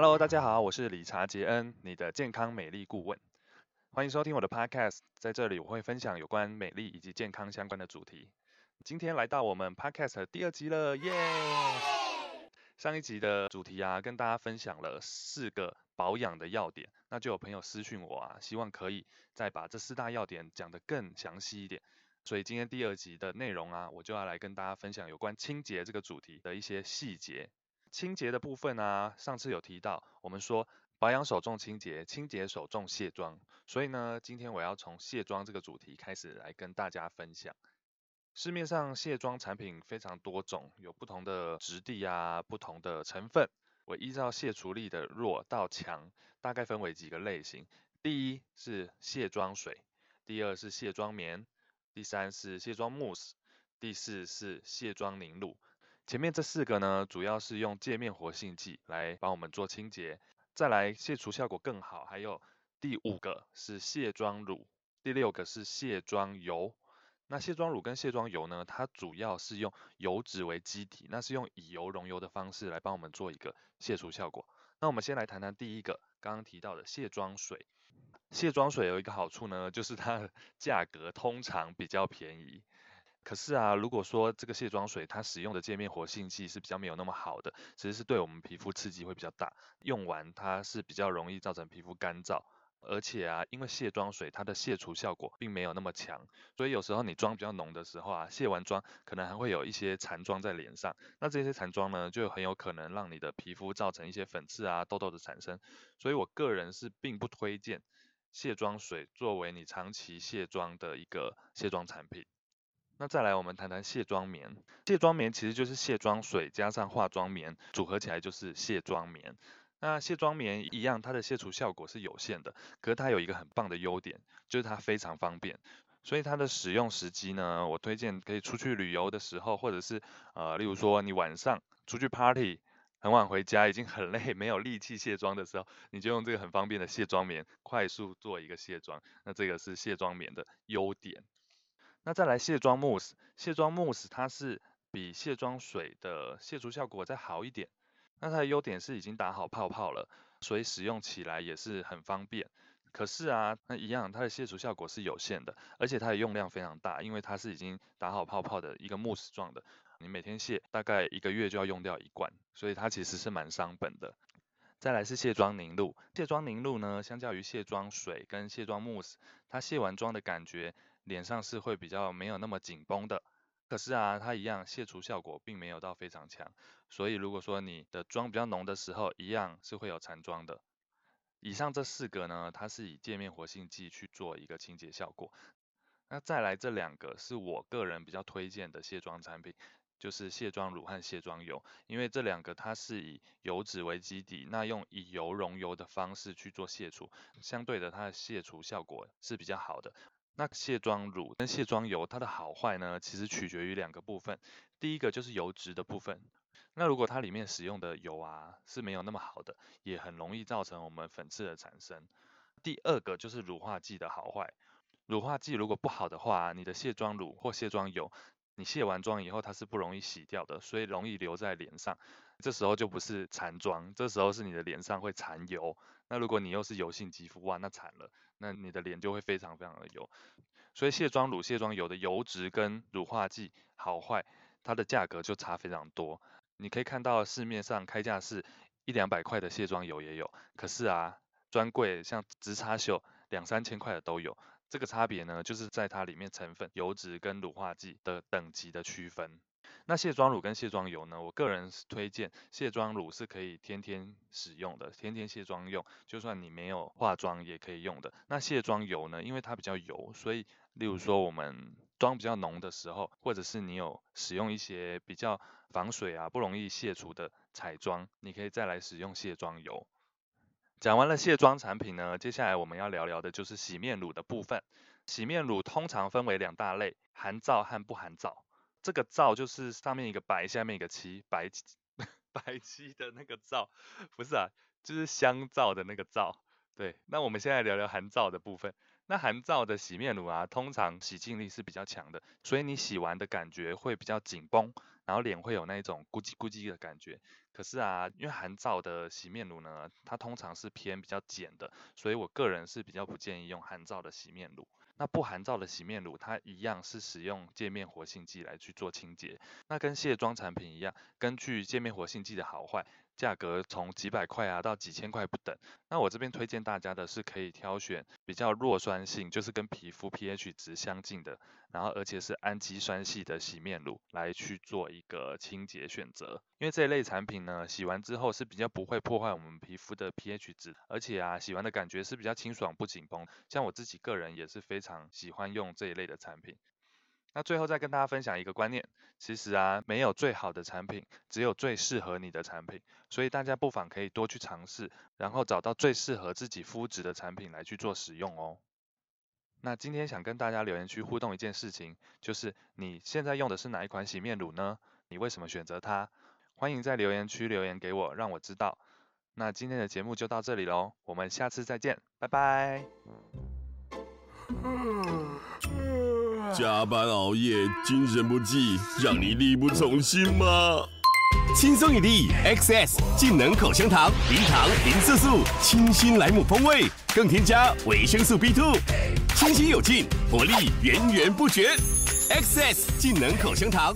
Hello，大家好，我是理查杰恩，你的健康美麗顧問。歡迎收聽我的 Podcast，在這裡我會分享有關美麗以及健康相關的主題。今天來到我們 Podcast 的第二集了耶！Yeah! 上一集的主題啊，跟大家分享了四個保養的要點，那就有朋友私訊我啊，希望可以再把這四大要點講得更詳細一點。所以今天第二集的內容啊，我就要來跟大家分享有關清潔這個主題的一些細節。清潔的部分啊，上次有提到，我們說保養首重清潔，清潔首重卸妝，所以呢，今天我要從卸妝這個主題開始來跟大家分享。市面上卸妝產品非常多種，有不同的質地啊，不同的成分。我依照卸除力的弱到強，大概分為幾個類型。第一是卸妝水，第二是卸妝棉，第三是卸妝慕斯，第四是卸妝凝露。前面這四個呢，主要是用界面活性劑來幫我們做清潔，再來卸除效果更好。還有第五個是卸妝乳，第六個是卸妝油。那卸妝乳跟卸妝油呢，它主要是用油脂為基底，那是用以油溶油的方式來幫我們做一個卸除效果。那我們先來談談第一個，剛剛提到的卸妝水。卸妝水有一個好處呢，就是它的價格通常比較便宜。可是啊，如果說這個卸妝水它使用的界面活性劑是比較沒有那麼好的，其實是對我們皮膚刺激會比較大，用完它是比較容易造成皮膚乾燥，而且啊，因為卸妝水它的卸除效果並沒有那麼強，所以有時候你妝比較濃的時候啊，卸完妝可能還會有一些殘妝在臉上，那這些殘妝呢，就很有可能讓你的皮膚造成一些粉刺啊、痘痘的產生，所以我個人是並不推薦卸妝水作為你長期卸妝的一個卸妝產品。那再來，我們談談卸妝棉。卸妝棉其實就是卸妝水加上化妝棉組合起來就是卸妝棉。那卸妝棉一樣，它的卸除效果是有限的，可是它有一個很棒的優點，就是它非常方便。所以它的使用時機呢，我推薦可以出去旅遊的時候，或者是呃，例如說你晚上出去 party 很晚回家，已經很累，沒有力氣卸妝的時候，你就用這個很方便的卸妝棉快速做一個卸妝。那這個是卸妝棉的優點。那再來卸妝慕斯，卸妝慕斯它是比卸妝水的卸除效果再好一點，那它的優點是已經打好泡泡了，所以使用起來也是很方便。可是啊，那一樣它的卸除效果是有限的，而且它的用量非常大，因為它是已經打好泡泡的一個慕斯狀的，你每天卸大概一個月就要用掉一罐，所以它其實是蠻傷本的。再來是卸妝凝露，卸妝凝露呢，相較於卸妝水跟卸妝慕斯，它卸完妝的感覺。臉上是會比較沒有那麼緊繃的，可是啊，它一樣卸除效果並沒有到非常強，所以如果說你的妝比較濃的時候，一樣是會有殘妝的。以上這四個呢，它是以界面活性劑去做一個清潔效果。那再來這兩個是我個人比較推薦的卸妝產品，就是卸妝乳和卸妝油，因為這兩個它是以油脂為基底，那用以油溶油的方式去做卸除，相對的它的卸除效果是比較好的。那卸妝乳跟卸妝油，它的好壞呢，其實取決於兩個部分。第一個就是油脂的部分，那如果它裡面使用的油啊是沒有那麼好的，也很容易造成我們粉刺的產生。第二個就是乳化劑的好壞，乳化劑如果不好的話，你的卸妝乳或卸妝油，你卸完妝以後，它是不容易洗掉的，所以容易留在臉上。這時候就不是殘妝，這時候是你的臉上會殘油。那如果你又是油性肌膚、啊，哇，那慘了，那你的臉就會非常非常的油。所以卸妝乳、卸妝油的油脂跟乳化劑好壞，它的價格就差非常多。你可以看到市面上開價是一兩百塊的卸妝油也有，可是啊，專櫃像植村秀，兩三千塊的都有。這個差別呢，就是在它裡面成分、油脂跟乳化劑的等級的區分。那卸妝乳跟卸妝油呢，我個人推薦卸妝乳是可以天天使用的，天天卸妝用，就算你沒有化妝也可以用的。那卸妝油呢，因為它比較油，所以例如說我們妝比較濃的時候，或者是你有使用一些比較防水啊、不容易卸除的彩妝，你可以再來使用卸妝油。講完了卸妝產品呢，接下來我們要聊聊的就是洗面乳的部分。洗面乳通常分為兩大類，含皂和不含皂。這個皂就是上面一個白，下面一個漆，白漆白漆的那個皂，不是啊，就是香皂的那個皂。對，那我們現在聊聊含皂的部分。那含皂的洗面乳啊，通常洗淨力是比較強的，所以你洗完的感覺會比較緊繃，然後臉會有那種咕嘰咕嘰的感覺。可是啊，因為含皂的洗面乳呢，它通常是偏比較鹼的，所以我個人是比較不建議用含皂的洗面乳。那不含皂的洗面乳，它一樣是使用界面活性劑來去做清潔。那跟卸妝產品一樣，根據界面活性劑的好壞。價格從幾百塊啊到幾千塊不等，那我這邊推薦大家的是可以挑選比較弱酸性，就是跟皮膚 pH 值相近的，然後而且是氨基酸系的洗面乳來去做一個清潔選擇。因為這一類產品呢，洗完之後是比較不會破壞我們皮膚的 pH 值，而且啊，洗完的感覺是比較清爽不緊繃。像我自己個人也是非常喜歡用這一類的產品。那最後再跟大家分享一個觀念，其實啊，沒有最好的產品，只有最適合你的產品。所以大家不妨可以多去嘗試，然後找到最適合自己膚質的產品來去做使用哦。那今天想跟大家留言區互動一件事情，就是你現在用的是哪一款洗面乳呢？你為什麼選擇它？歡迎在留言區留言給我，讓我知道。那今天的節目就到這裡嘍，我們下次再見，拜拜。 加班熬夜，精神不濟，讓你力不從心嗎？輕鬆一粒 XS 技能口香糖，零糖、零色素，清新萊姆風味，更添加維生素 B2，清新有勁，活力源源不絕。XS 技能口香糖。